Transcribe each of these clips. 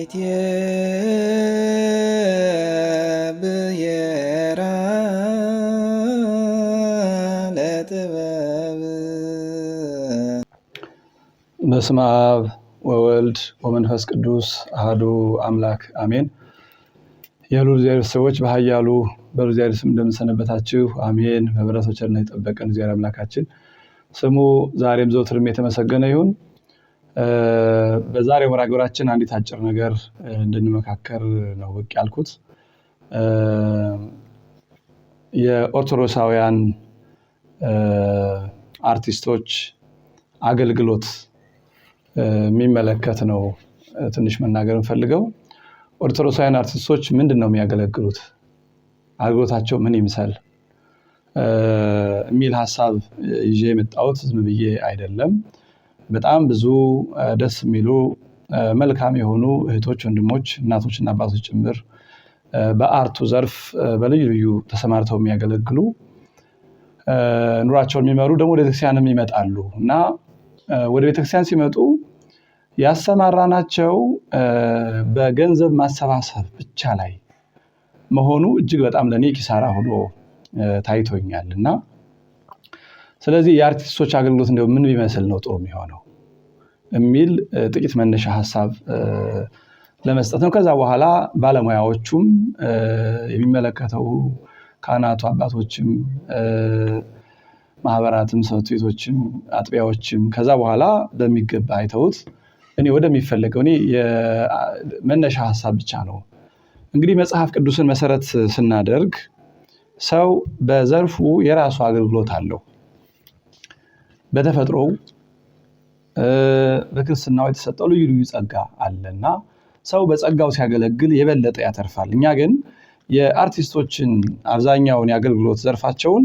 ይትብየራ በስመ አብ ወወልድ ወመንፈስ ቅዱስ አህዱ አምላክ አሜን። የሉ እግዚአብሔር ሰዎች በሀያሉ በሉ እግዚአብሔር ስም እንደምንሰነበታችሁ አሜን። በምሕረቱ ቸርነት የጠበቀን እግዚአብሔር አምላካችን ስሙ ዛሬም ዘወትርም የተመሰገነ ይሁን። በዛሬው መርሃ ግብራችን አንዲት አጭር ነገር እንድንመካከር ነው ብቅ ያልኩት። የኦርቶዶክሳውያን አርቲስቶች አገልግሎት የሚመለከት ነው ትንሽ መናገር እንፈልገው። ኦርቶዶክሳውያን አርቲስቶች ምንድን ነው የሚያገለግሉት? አገልግሎታቸው ምን ይምሰል የሚል ሀሳብ ይዤ የመጣሁት ዝም ብዬ አይደለም። በጣም ብዙ ደስ የሚሉ መልካም የሆኑ እህቶች፣ ወንድሞች፣ እናቶችና አባቶች ጭምር በአርቱ ዘርፍ በልዩ ልዩ ተሰማርተው የሚያገለግሉ ኑሯቸውን የሚመሩ ደግሞ ወደ ቤተክርስቲያንም ይመጣሉ እና ወደ ቤተክርስቲያን ሲመጡ ያሰማራናቸው በገንዘብ ማሰባሰብ ብቻ ላይ መሆኑ እጅግ በጣም ለእኔ ኪሳራ ሆኖ ታይቶኛል እና ስለዚህ የአርቲስቶች አገልግሎት እንደው ምን ቢመስል ነው ጥሩ የሚሆነው የሚል ጥቂት መነሻ ሀሳብ ለመስጠት ነው። ከዛ በኋላ ባለሙያዎቹም የሚመለከተው ካህናቱ፣ አባቶችም፣ ማህበራትም፣ ሰንበት ቤቶችም፣ አጥቢያዎችም ከዛ በኋላ በሚገባ አይተውት እኔ ወደሚፈለገው እኔ መነሻ ሀሳብ ብቻ ነው እንግዲህ መጽሐፍ ቅዱስን መሰረት ስናደርግ ሰው በዘርፉ የራሱ አገልግሎት አለው። በተፈጥሮው በክርስትናው የተሰጠው ልዩ ልዩ ጸጋ አለና ሰው በጸጋው ሲያገለግል የበለጠ ያተርፋል። እኛ ግን የአርቲስቶችን አብዛኛውን የአገልግሎት ዘርፋቸውን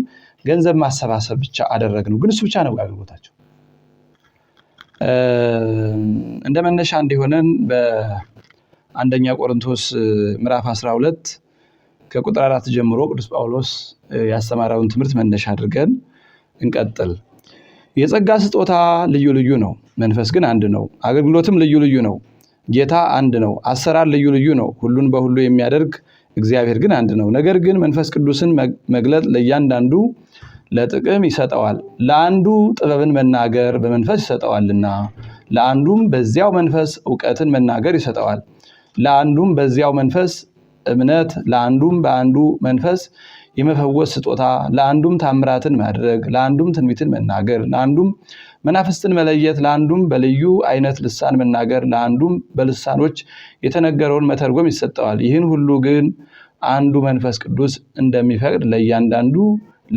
ገንዘብ ማሰባሰብ ብቻ አደረግ ነው። ግን እሱ ብቻ ነው አገልግሎታቸው። እንደ መነሻ እንዲሆነን በአንደኛ ቆሮንቶስ ምዕራፍ 12 ከቁጥር አራት ጀምሮ ቅዱስ ጳውሎስ ያስተማረውን ትምህርት መነሻ አድርገን እንቀጥል። የጸጋ ስጦታ ልዩ ልዩ ነው፣ መንፈስ ግን አንድ ነው። አገልግሎትም ልዩ ልዩ ነው፣ ጌታ አንድ ነው። አሰራር ልዩ ልዩ ነው፣ ሁሉን በሁሉ የሚያደርግ እግዚአብሔር ግን አንድ ነው። ነገር ግን መንፈስ ቅዱስን መግለጥ ለእያንዳንዱ ለጥቅም ይሰጠዋል። ለአንዱ ጥበብን መናገር በመንፈስ ይሰጠዋልና፣ ለአንዱም በዚያው መንፈስ እውቀትን መናገር ይሰጠዋል። ለአንዱም በዚያው መንፈስ እምነት፣ ለአንዱም በአንዱ መንፈስ የመፈወስ ስጦታ፣ ለአንዱም ታምራትን ማድረግ፣ ለአንዱም ትንቢትን መናገር፣ ለአንዱም መናፍስትን መለየት፣ ለአንዱም በልዩ አይነት ልሳን መናገር፣ ለአንዱም በልሳኖች የተነገረውን መተርጎም ይሰጠዋል። ይህን ሁሉ ግን አንዱ መንፈስ ቅዱስ እንደሚፈቅድ ለእያንዳንዱ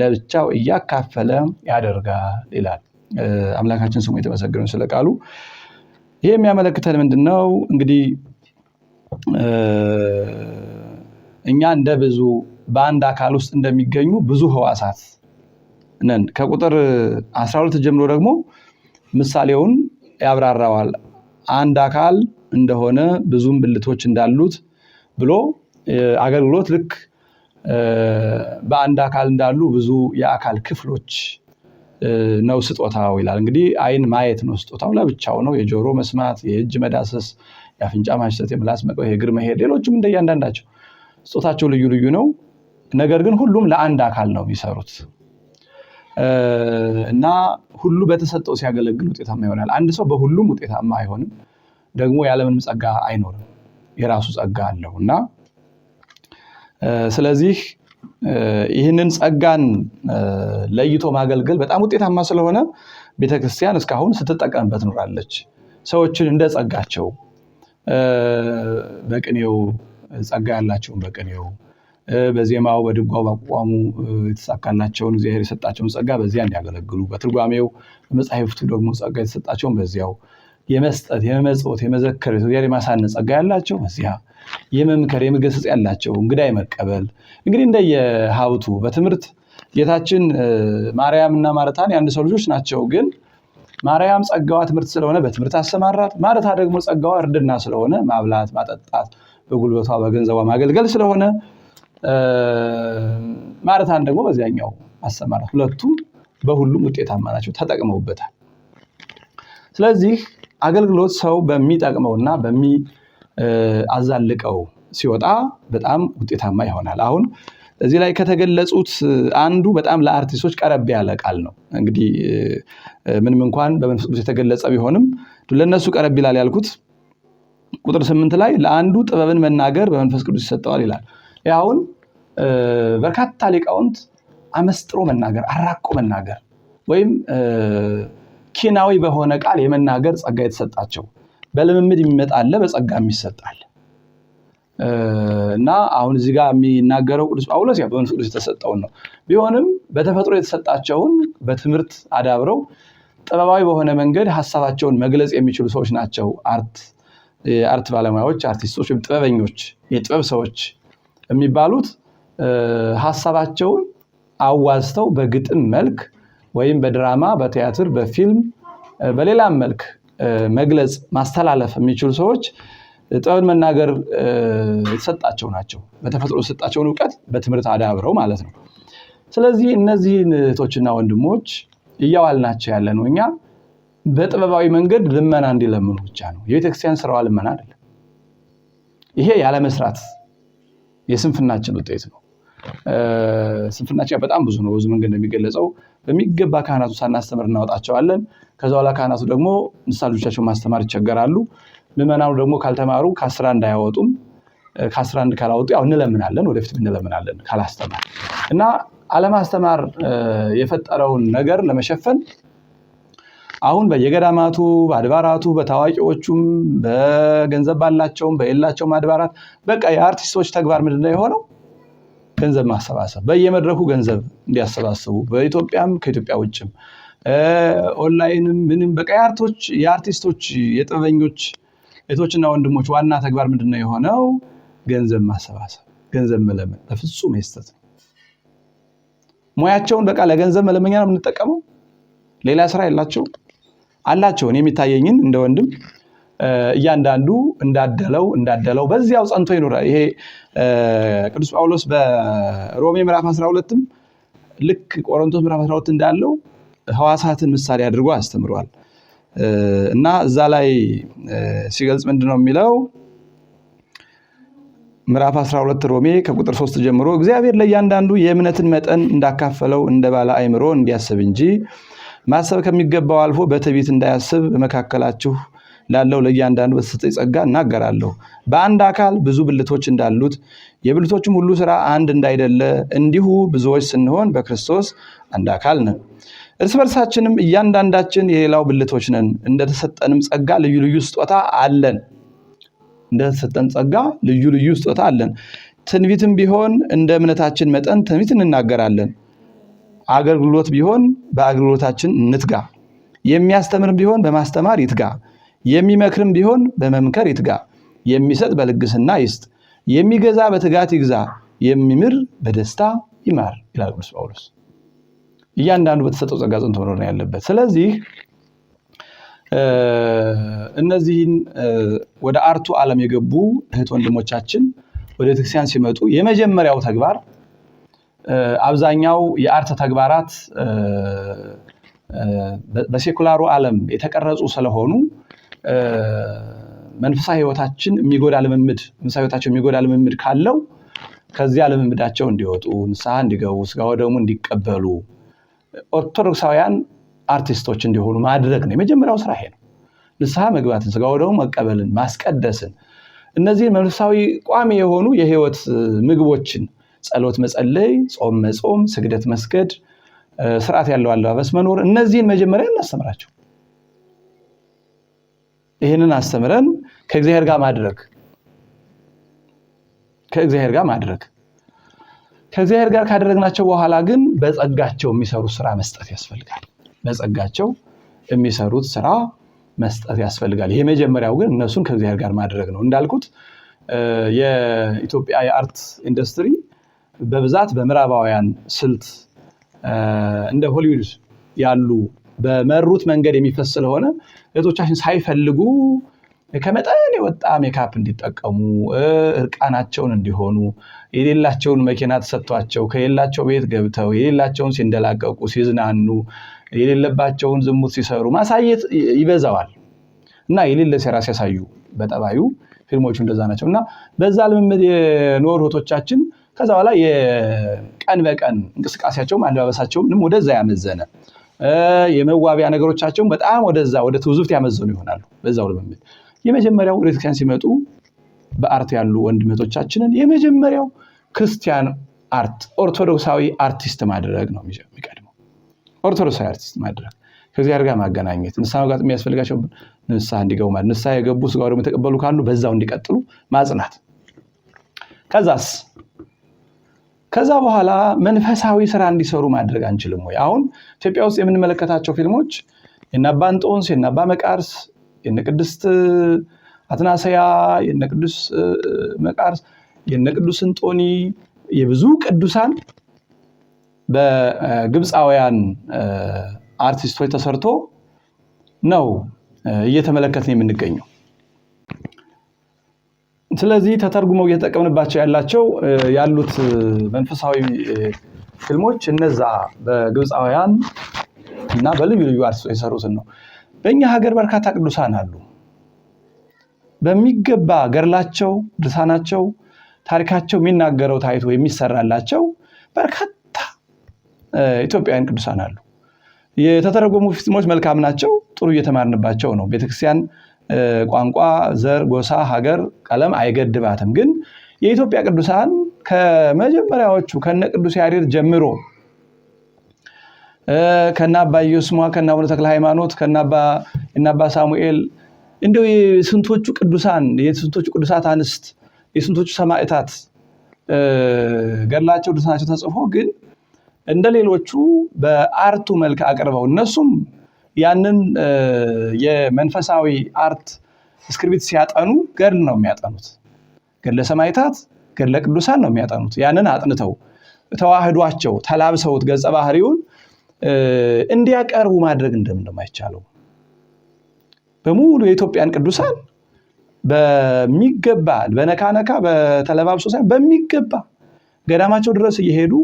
ለብቻው እያካፈለ ያደርጋል ይላል። አምላካችን ስሙ የተመሰገነ ስለ ቃሉ። ይህ የሚያመለክተን ምንድን ነው እንግዲህ እኛ እንደ ብዙ በአንድ አካል ውስጥ እንደሚገኙ ብዙ ህዋሳት ነን። ከቁጥር 12 ጀምሮ ደግሞ ምሳሌውን ያብራራዋል። አንድ አካል እንደሆነ ብዙም ብልቶች እንዳሉት ብሎ አገልግሎት ልክ በአንድ አካል እንዳሉ ብዙ የአካል ክፍሎች ነው ስጦታው ይላል። እንግዲህ አይን ማየት ነው ስጦታው ለብቻው ነው። የጆሮ መስማት፣ የእጅ መዳሰስ የአፍንጫ ማሽተት፣ የምላስ መቅበር፣ የእግር መሄድ፣ ሌሎችም እንደ እያንዳንዳቸው ስጦታቸው ልዩ ልዩ ነው። ነገር ግን ሁሉም ለአንድ አካል ነው የሚሰሩት እና ሁሉ በተሰጠው ሲያገለግል ውጤታማ ይሆናል። አንድ ሰው በሁሉም ውጤታማ አይሆንም፣ ደግሞ ያለምንም ጸጋ አይኖርም። የራሱ ጸጋ አለው እና ስለዚህ ይህንን ጸጋን ለይቶ ማገልገል በጣም ውጤታማ ስለሆነ ቤተክርስቲያን እስካሁን ስትጠቀምበት ኖራለች። ሰዎችን እንደ ጸጋቸው በቅኔው ጸጋ ያላቸውን በቅኔው በዜማው በድጓው በአቋሙ የተሳካላቸውን እግዚአብሔር የሰጣቸውን ጸጋ በዚያ እንዲያገለግሉ በትርጓሜው በመጽሐፍቱ ደግሞ ጸጋ የተሰጣቸውን በዚያው የመስጠት የመመጽወት የመዘከር እግዚአብሔር የማሳነ ጸጋ ያላቸው በዚያ የመምከር የመገሰጽ ያላቸው እንግዳ የመቀበል እንግዲህ እንደየሀብቱ በትምህርት ጌታችን ማርያምና ማርታን የአንድ ሰው ልጆች ናቸው ግን ማርያም ጸጋዋ ትምህርት ስለሆነ በትምህርት አሰማራት። ማለታ ደግሞ ጸጋዋ እርድና ስለሆነ ማብላት፣ ማጠጣት፣ በጉልበቷ በገንዘቧ ማገልገል ስለሆነ ማለታን ደግሞ በዚያኛው አሰማራት። ሁለቱም በሁሉም ውጤታማ ናቸው፣ ተጠቅመውበታል። ስለዚህ አገልግሎት ሰው በሚጠቅመውና አዛልቀው ። ሲወጣ በጣም ውጤታማ ይሆናል። አሁን እዚህ ላይ ከተገለጹት አንዱ በጣም ለአርቲስቶች ቀረብ ያለ ቃል ነው። እንግዲህ ምንም እንኳን በመንፈስ ቅዱስ የተገለጸ ቢሆንም ለእነሱ ቀረብ ይላል ያልኩት ቁጥር ስምንት ላይ ለአንዱ ጥበብን መናገር በመንፈስ ቅዱስ ይሰጠዋል ይላል። አሁን በርካታ ሊቃውንት አመስጥሮ መናገር፣ አራቆ መናገር ወይም ኪናዊ በሆነ ቃል የመናገር ጸጋ የተሰጣቸው በልምምድ የሚመጣለ በጸጋ ይሰጣል። እና አሁን እዚህ ጋር የሚናገረው ቅዱስ ጳውሎስ በመንፈስ ቅዱስ የተሰጠውን ነው። ቢሆንም በተፈጥሮ የተሰጣቸውን በትምህርት አዳብረው ጥበባዊ በሆነ መንገድ ሀሳባቸውን መግለጽ የሚችሉ ሰዎች ናቸው። አርት የአርት ባለሙያዎች፣ አርቲስቶች ወይም ጥበበኞች፣ የጥበብ ሰዎች የሚባሉት ሀሳባቸውን አዋዝተው በግጥም መልክ ወይም በድራማ፣ በቲያትር፣ በፊልም፣ በሌላም መልክ መግለጽ ማስተላለፍ የሚችሉ ሰዎች ጥበብን መናገር የተሰጣቸው ናቸው። በተፈጥሮ የተሰጣቸውን እውቀት በትምህርት አዳብረው ማለት ነው። ስለዚህ እነዚህን እህቶችና ወንድሞች እያዋልናቸው ያለ ነው እኛ በጥበባዊ መንገድ ልመና እንዲለምኑ ብቻ ነው። የቤተክርስቲያን ስራዋ ልመና አይደለም። ይሄ ያለመስራት የስንፍናችን ውጤት ነው። ስንፍናችን በጣም ብዙ ነው። ብዙ መንገድ እንደሚገለጸው በሚገባ ካህናቱ ሳናስተምር እናወጣቸዋለን። ከዛ በኋላ ካህናቱ ደግሞ ንሳ ልጆቻቸውን ማስተማር ይቸገራሉ። ምዕመናኑ ደግሞ ካልተማሩ ከአስራ አንድ አያወጡም። ከአስራ አንድ ካላወጡ ያው እንለምናለን፣ ወደፊት እንለምናለን ካላስተማር እና አለማስተማር የፈጠረውን ነገር ለመሸፈን አሁን በየገዳማቱ በአድባራቱ በታዋቂዎቹም በገንዘብ ባላቸውም በሌላቸውም አድባራት በቃ የአርቲስቶች ተግባር ምንድን የሆነው? ገንዘብ ማሰባሰብ፣ በየመድረኩ ገንዘብ እንዲያሰባስቡ በኢትዮጵያም ከኢትዮጵያ ውጭም ኦንላይንም ምንም በቃ የአርቲስቶች የጥበበኞች እህቶችና ወንድሞች ዋና ተግባር ምንድነው የሆነው? ገንዘብ ማሰባሰብ፣ ገንዘብ መለመን በፍጹም ስህተት ነው። ሙያቸውን በቃ ለገንዘብ መለመኛ ነው የምንጠቀመው። ሌላ ስራ የላቸው አላቸውን የሚታየኝን እንደ ወንድም እያንዳንዱ እንዳደለው እንዳደለው በዚያው ጸንቶ ይኖራል። ይሄ ቅዱስ ጳውሎስ በሮሜ ምዕራፍ 12 ልክ ቆሮንቶስ ምዕራፍ 12 እንዳለው ህዋሳትን ምሳሌ አድርጎ አስተምረዋል። እና እዛ ላይ ሲገልጽ ምንድን ነው የሚለው? ምዕራፍ 12 ሮሜ ከቁጥር 3 ጀምሮ እግዚአብሔር ለእያንዳንዱ የእምነትን መጠን እንዳካፈለው እንደ ባለ አይምሮ እንዲያስብ እንጂ ማሰብ ከሚገባው አልፎ በትዕቢት እንዳያስብ በመካከላችሁ ላለው ለእያንዳንዱ በተሰጠኝ ጸጋ እናገራለሁ። በአንድ አካል ብዙ ብልቶች እንዳሉት የብልቶችም ሁሉ ስራ አንድ እንዳይደለ እንዲሁ ብዙዎች ስንሆን በክርስቶስ አንድ አካል ነን። እርስ በርሳችንም እያንዳንዳችን የሌላው ብልቶች ነን። እንደተሰጠንም ጸጋ ልዩ ልዩ ስጦታ አለን። እንደተሰጠን ጸጋ ልዩ ልዩ ስጦታ አለን። ትንቢትም ቢሆን እንደ እምነታችን መጠን ትንቢት እንናገራለን። አገልግሎት ቢሆን በአገልግሎታችን እንትጋ። የሚያስተምርም ቢሆን በማስተማር ይትጋ። የሚመክርም ቢሆን በመምከር ይትጋ። የሚሰጥ በልግስና ይስጥ። የሚገዛ በትጋት ይግዛ። የሚምር በደስታ ይማር ይላል ቅዱስ ጳውሎስ። እያንዳንዱ በተሰጠው ጸጋ ጸንቶ መኖር ነው ያለበት። ስለዚህ እነዚህን ወደ አርቱ ዓለም የገቡ እህት ወንድሞቻችን ወደ ቤተክርስቲያን ሲመጡ የመጀመሪያው ተግባር አብዛኛው የአርተ ተግባራት በሴኩላሩ ዓለም የተቀረጹ ስለሆኑ መንፈሳዊ ህይወታችን የሚጎዳ ልምምድ መንፈሳዊ ህይወታቸው የሚጎዳ ልምምድ ካለው ከዚያ ልምምዳቸው እንዲወጡ ንስሐ እንዲገቡ ስጋ ወደሙ እንዲቀበሉ ኦርቶዶክሳውያን አርቲስቶች እንዲሆኑ ማድረግ ነው። የመጀመሪያው ስራ ይሄ ነው። ንስሐ መግባትን ስጋ ወደሙ መቀበልን፣ ማስቀደስን፣ እነዚህን መንፈሳዊ ቋሚ የሆኑ የህይወት ምግቦችን ጸሎት መጸለይ፣ ጾም መጾም፣ ስግደት መስገድ፣ ስርዓት ያለው አለባበስ መኖር፣ እነዚህን መጀመሪያ እናስተምራቸው። ይህንን አስተምረን ከእግዚአብሔር ጋር ማድረግ ከእግዚአብሔር ጋር ማድረግ ከእግዚአብሔር ጋር ካደረግናቸው በኋላ ግን በጸጋቸው የሚሰሩት ስራ መስጠት ያስፈልጋል። በጸጋቸው የሚሰሩት ስራ መስጠት ያስፈልጋል። የመጀመሪያው ግን እነሱን ከእግዚአብሔር ጋር ማድረግ ነው። እንዳልኩት የኢትዮጵያ የአርት ኢንዱስትሪ በብዛት በምዕራባውያን ስልት እንደ ሆሊውድ ያሉ በመሩት መንገድ የሚፈስ ስለሆነ እህቶቻችን ሳይፈልጉ ከመጠን የወጣ ሜካፕ እንዲጠቀሙ እርቃናቸውን እንዲሆኑ የሌላቸውን መኪና ተሰጥቷቸው ከሌላቸው ቤት ገብተው የሌላቸውን ሲንደላቀቁ፣ ሲዝናኑ፣ የሌለባቸውን ዝሙት ሲሰሩ ማሳየት ይበዛዋል እና የሌለ ሴራ ሲያሳዩ በጠባዩ ፊልሞቹ እንደዛ ናቸው እና በዛ ልምምድ የኖር እህቶቻችን ከዛ በኋላ የቀን በቀን እንቅስቃሴያቸውም አለባበሳቸውም ምንም ወደዛ ያመዘነ የመዋቢያ ነገሮቻቸውም በጣም ወደዛ ወደ ትውዝፍት ያመዘኑ ይሆናሉ በዛው ልምምድ የመጀመሪያው ቤተክርስቲያን ሲመጡ በአርት ያሉ ወንድመቶቻችንን የመጀመሪያው ክርስቲያን አርት ኦርቶዶክሳዊ አርቲስት ማድረግ ነው የሚቀድመው። ኦርቶዶክሳዊ አርቲስት ማድረግ ከእግዚአብሔር ጋር ማገናኘት ንስሐ መግባት የሚያስፈልጋቸው ንስሐ እንዲገቡ ማለት ንስሐ የገቡ ስጋ ደግሞ የተቀበሉ ካሉ በዛው እንዲቀጥሉ ማጽናት። ከዛስ ከዛ በኋላ መንፈሳዊ ስራ እንዲሰሩ ማድረግ አንችልም ወይ? አሁን ኢትዮጵያ ውስጥ የምንመለከታቸው ፊልሞች የእነ አባ እንጦንስ የእነ መቃርስ የነቅድስት አትናሰያ፣ የነቅዱስ መቃርስ፣ የነቅዱስ እንጦኒ የብዙ ቅዱሳን በግብፃውያን አርቲስቶች ተሰርቶ ነው እየተመለከትን የምንገኘው። ስለዚህ ተተርጉመው እየተጠቀምንባቸው ያላቸው ያሉት መንፈሳዊ ፊልሞች እነዛ በግብፃውያን እና በልዩ ልዩ አርቲስቶች የሰሩትን ነው። በእኛ ሀገር በርካታ ቅዱሳን አሉ። በሚገባ ገድላቸው፣ ድርሳናቸው፣ ታሪካቸው የሚናገረው ታይቶ የሚሰራላቸው በርካታ ኢትዮጵያውያን ቅዱሳን አሉ። የተተረጎሙ ፊትሞች መልካም ናቸው። ጥሩ እየተማርንባቸው ነው። ቤተክርስቲያን ቋንቋ፣ ዘር፣ ጎሳ፣ ሀገር፣ ቀለም አይገድባትም። ግን የኢትዮጵያ ቅዱሳን ከመጀመሪያዎቹ ከነ ቅዱስ ያሬድ ጀምሮ ከነ አባ ኢዮስማ ከና አቡነ ተክለ ሃይማኖት ከነ አባ ሳሙኤል እንደው የስንቶቹ ቅዱሳን የስንቶቹ ቅዱሳት አንስት የስንቶቹ ሰማዕታት ገድላቸው ድርሳናቸው ተጽፎ ግን እንደ ሌሎቹ በአርቱ መልክ አቅርበው እነሱም ያንን የመንፈሳዊ አርት እስክርቢት ሲያጠኑ ገድል ነው የሚያጠኑት። ገድለ ሰማዕታት፣ ገድለ ቅዱሳን ነው የሚያጠኑት። ያንን አጥንተው ተዋህዷቸው ተላብሰውት ገጸ ባህሪውን እንዲያቀርቡ ማድረግ እንደማይቻለው በሙሉ የኢትዮጵያን ቅዱሳን በሚገባ በነካነካ በተለባብሶ ሳይሆን በሚገባ ገዳማቸው ድረስ እየሄዱ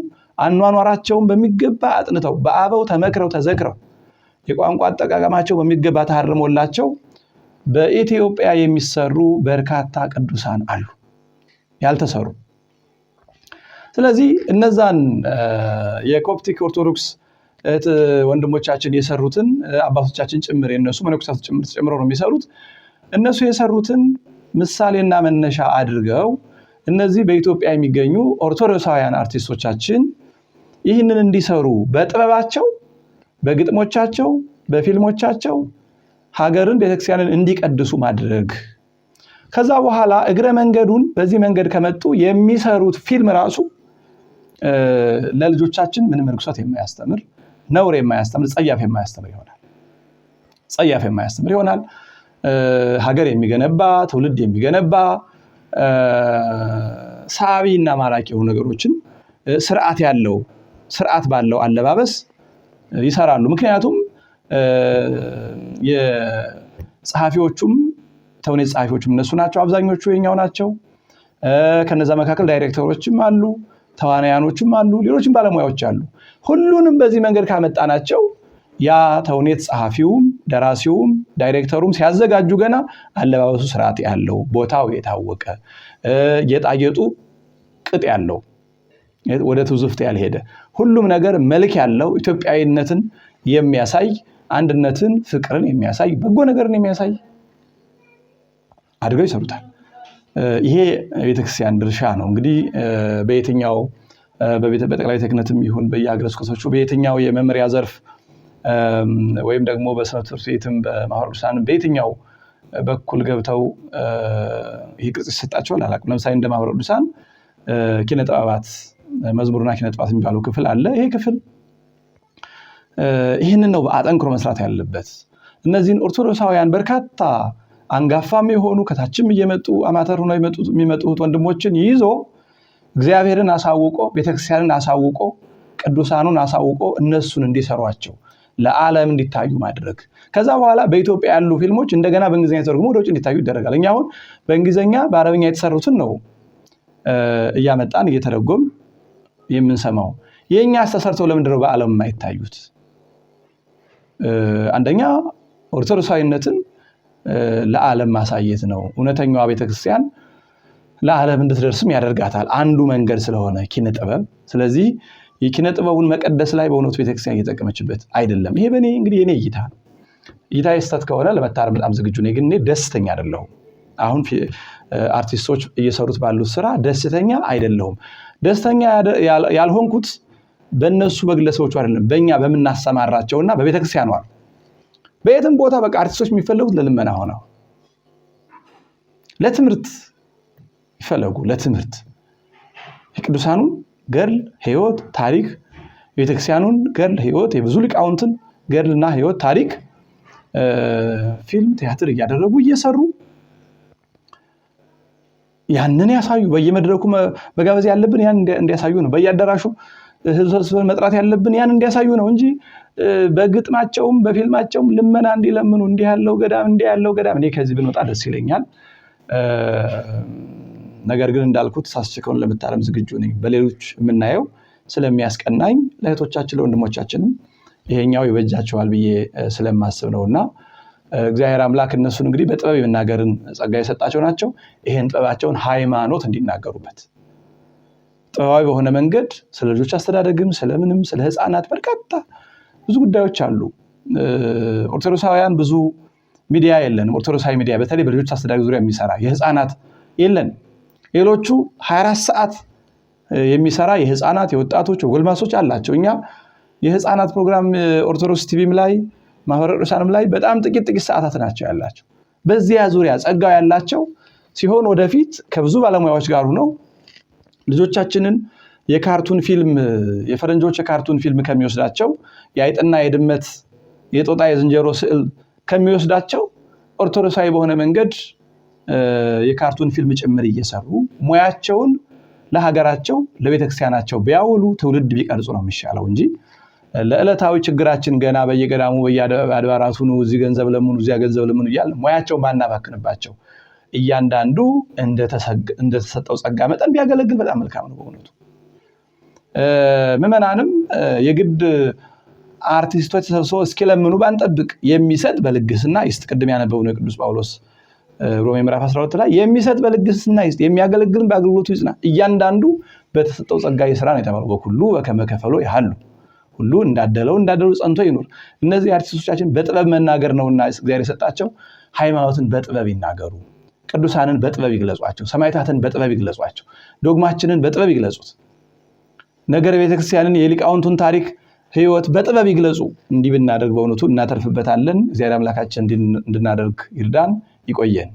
አኗኗራቸውን በሚገባ አጥንተው በአበው ተመክረው ተዘክረው የቋንቋ አጠቃቀማቸው በሚገባ ታርሞላቸው በኢትዮጵያ የሚሰሩ በርካታ ቅዱሳን አሉ ያልተሰሩ። ስለዚህ እነዛን የኮፕቲክ ኦርቶዶክስ እህት ወንድሞቻችን የሰሩትን አባቶቻችን ጭምር የነሱ መነኮሳት ጭምር ተጨምሮ ነው የሚሰሩት። እነሱ የሰሩትን ምሳሌና መነሻ አድርገው እነዚህ በኢትዮጵያ የሚገኙ ኦርቶዶክሳውያን አርቲስቶቻችን ይህንን እንዲሰሩ በጥበባቸው፣ በግጥሞቻቸው፣ በፊልሞቻቸው ሀገርን፣ ቤተክርስቲያንን እንዲቀድሱ ማድረግ ከዛ በኋላ እግረ መንገዱን በዚህ መንገድ ከመጡ የሚሰሩት ፊልም ራሱ ለልጆቻችን ምንም ርኩሰት የማያስተምር ነውር የማያስተምር ጸያፍ የማያስተምር ይሆናል። ጸያፍ የማያስተምር ይሆናል። ሀገር የሚገነባ ትውልድ የሚገነባ ሳቢ እና ማራኪ የሆኑ ነገሮችን ስርዓት ያለው ስርዓት ባለው አለባበስ ይሰራሉ። ምክንያቱም የጸሐፊዎቹም ተውኔት ጸሐፊዎቹም እነሱ ናቸው። አብዛኞቹ የኛው ናቸው። ከነዛ መካከል ዳይሬክተሮችም አሉ። ተዋናያኖችም አሉ፣ ሌሎችም ባለሙያዎች አሉ። ሁሉንም በዚህ መንገድ ካመጣናቸው ያ ተውኔት ጸሐፊውም ደራሲውም ዳይሬክተሩም ሲያዘጋጁ ገና አለባበሱ ስርዓት ያለው፣ ቦታው የታወቀ፣ ጌጣጌጡ ቅጥ ያለው፣ ወደ ትውዝፍት ያልሄደ፣ ሁሉም ነገር መልክ ያለው ኢትዮጵያዊነትን የሚያሳይ አንድነትን፣ ፍቅርን የሚያሳይ በጎ ነገርን የሚያሳይ አድርገው ይሰሩታል። ይሄ ቤተክርስቲያን ድርሻ ነው። እንግዲህ በየትኛው በጠቅላይ ቤተ ክህነትም ይሁን በየሀገረ ስብከቶቹ በየትኛው የመመሪያ ዘርፍ ወይም ደግሞ በስነ ትምህርት ቤትም በማህበረ ቅዱሳንም በየትኛው በኩል ገብተው ይህ ቅርጽ ይሰጣቸዋል አላውቅም። ለምሳሌ እንደ ማህበረ ቅዱሳን ኪነ ጥበባት መዝሙርና ኪነ ጥበባት የሚባለው ክፍል አለ። ይሄ ክፍል ይህንን ነው አጠንክሮ መስራት ያለበት። እነዚህን ኦርቶዶክሳውያን በርካታ አንጋፋም የሆኑ ከታችም እየመጡ አማተር ሆነው የሚመጡት ወንድሞችን ይዞ እግዚአብሔርን አሳውቆ ቤተክርስቲያንን አሳውቆ ቅዱሳኑን አሳውቆ እነሱን እንዲሰሯቸው ለዓለም እንዲታዩ ማድረግ ከዛ በኋላ በኢትዮጵያ ያሉ ፊልሞች እንደገና በእንግሊዝኛ ተተርጉሞ ወደ ውጭ እንዲታዩ ይደረጋል። እኛ አሁን በእንግሊዝኛ በአረብኛ የተሰሩትን ነው እያመጣን እየተረጎም የምንሰማው። የእኛ አስተሰርተው ለምንድነው በዓለም የማይታዩት? አንደኛ ኦርቶዶክሳዊነትን ለዓለም ማሳየት ነው። እውነተኛዋ ቤተክርስቲያን ለዓለም እንድትደርስም ያደርጋታል አንዱ መንገድ ስለሆነ ኪነ ጥበብ። ስለዚህ የኪነ ጥበቡን መቀደስ ላይ በእውነቱ ቤተክርስቲያን እየጠቀመችበት አይደለም። ይሄ በእኔ እንግዲህ የኔ እይታ እይታ የስተት ከሆነ ለመታረም በጣም ዝግጁ ነኝ፣ ግን እኔ ደስተኛ አይደለሁም። አሁን አርቲስቶች እየሰሩት ባሉት ስራ ደስተኛ አይደለሁም። ደስተኛ ያልሆንኩት በእነሱ በግለሰቦቹ አይደለም፣ በእኛ በምናሰማራቸውና በቤተክርስቲያኗ ነው። በየትም ቦታ በቃ አርቲስቶች የሚፈለጉት ለልመና ሆነው ለትምህርት ይፈለጉ ለትምህርት የቅዱሳኑን ገል ህይወት ታሪክ የቤተክርስቲያኑን ገል ህይወት የብዙ ሊቃውንትን ገልና ህይወት ታሪክ ፊልም፣ ቲያትር እያደረጉ እየሰሩ ያንን ያሳዩ። በየመድረኩ መጋበዝ ያለብን ያን እንዲያሳዩ ነው። በየአዳራሹ ህዝብን መጥራት ያለብን ያን እንዲያሳዩ ነው እንጂ በግጥማቸውም በፊልማቸውም ልመና እንዲለምኑ እንዲህ ያለው ገዳም እንዲህ ያለው ገዳም እኔ ከዚህ ብንወጣ ደስ ይለኛል። ነገር ግን እንዳልኩት ሳስችከውን ለምታለም ዝግጁ ነኝ። በሌሎች የምናየው ስለሚያስቀናኝ ለእህቶቻችን ለወንድሞቻችንም ይሄኛው ይበጃቸዋል ብዬ ስለማስብ ነው እና እግዚአብሔር አምላክ እነሱን እንግዲህ በጥበብ የመናገርን ጸጋ የሰጣቸው ናቸው። ይሄን ጥበባቸውን ሃይማኖት እንዲናገሩበት ጥበባዊ በሆነ መንገድ ስለ ልጆች አስተዳደግም ስለምንም ስለ ህፃናት በርካታ ብዙ ጉዳዮች አሉ። ኦርቶዶክሳውያን ብዙ ሚዲያ የለንም። ኦርቶዶክሳዊ ሚዲያ በተለይ በልጆች አስተዳደግ ዙሪያ የሚሰራ የህፃናት የለን። ሌሎቹ 24 ሰዓት የሚሰራ የህፃናት የወጣቶች የጎልማሶች አላቸው። እኛ የህፃናት ፕሮግራም ኦርቶዶክስ ቲቪም ላይ ማህበረ ቅዱሳንም ላይ በጣም ጥቂት ጥቂት ሰዓታት ናቸው ያላቸው። በዚያ ዙሪያ ጸጋው ያላቸው ሲሆን ወደፊት ከብዙ ባለሙያዎች ጋር ሁነው ልጆቻችንን የካርቱን ፊልም የፈረንጆች የካርቱን ፊልም ከሚወስዳቸው የአይጥና የድመት የጦጣ የዝንጀሮ ስዕል ከሚወስዳቸው ኦርቶዶክሳዊ በሆነ መንገድ የካርቱን ፊልም ጭምር እየሰሩ ሙያቸውን ለሀገራቸው ለቤተክርስቲያናቸው ቢያውሉ ትውልድ ቢቀርጹ ነው የሚሻለው እንጂ ለዕለታዊ ችግራችን ገና በየገዳሙ በየአድባራቱ እዚህ ገንዘብ ለምኑ እዚያ ገንዘብ ለምኑ እያል ሙያቸው ማናባክንባቸው እያንዳንዱ እንደተሰጠው ጸጋ መጠን ቢያገለግል በጣም መልካም ነው። በእውነቱ ምዕመናንም የግድ አርቲስቶች ተሰብስበው እስኪለምኑ ባንጠብቅ፣ የሚሰጥ በልግስና ይስጥ። ቅድም ያነበቡ ነው ጳውሎስ ሮሜ ምዕራፍ 12 ላይ የሚሰጥ በልግስና ይስጥ፣ የሚያገለግልን በአገልግሎቱ ይጽና፣ እያንዳንዱ በተሰጠው ጸጋ ይስራ ነው የተባለው። በኩሉ ከመከፈሎ ያሉ ሁሉ እንዳደለው እንዳደሉ ጸንቶ ይኑር። እነዚህ አርቲስቶቻችን በጥበብ መናገር ነውና እግዚአብሔር የሰጣቸው ሃይማኖትን በጥበብ ይናገሩ። ቅዱሳንን በጥበብ ይግለጿቸው። ሰማይታትን በጥበብ ይግለጿቸው። ዶግማችንን በጥበብ ይግለጹት። ነገር ቤተክርስቲያንን የሊቃውንቱን ታሪክ ህይወት በጥበብ ይግለጹ። እንዲህ ብናደርግ በእውነቱ እናተርፍበታለን። እግዚአብሔር አምላካችን እንድናደርግ ይርዳን። ይቆየን።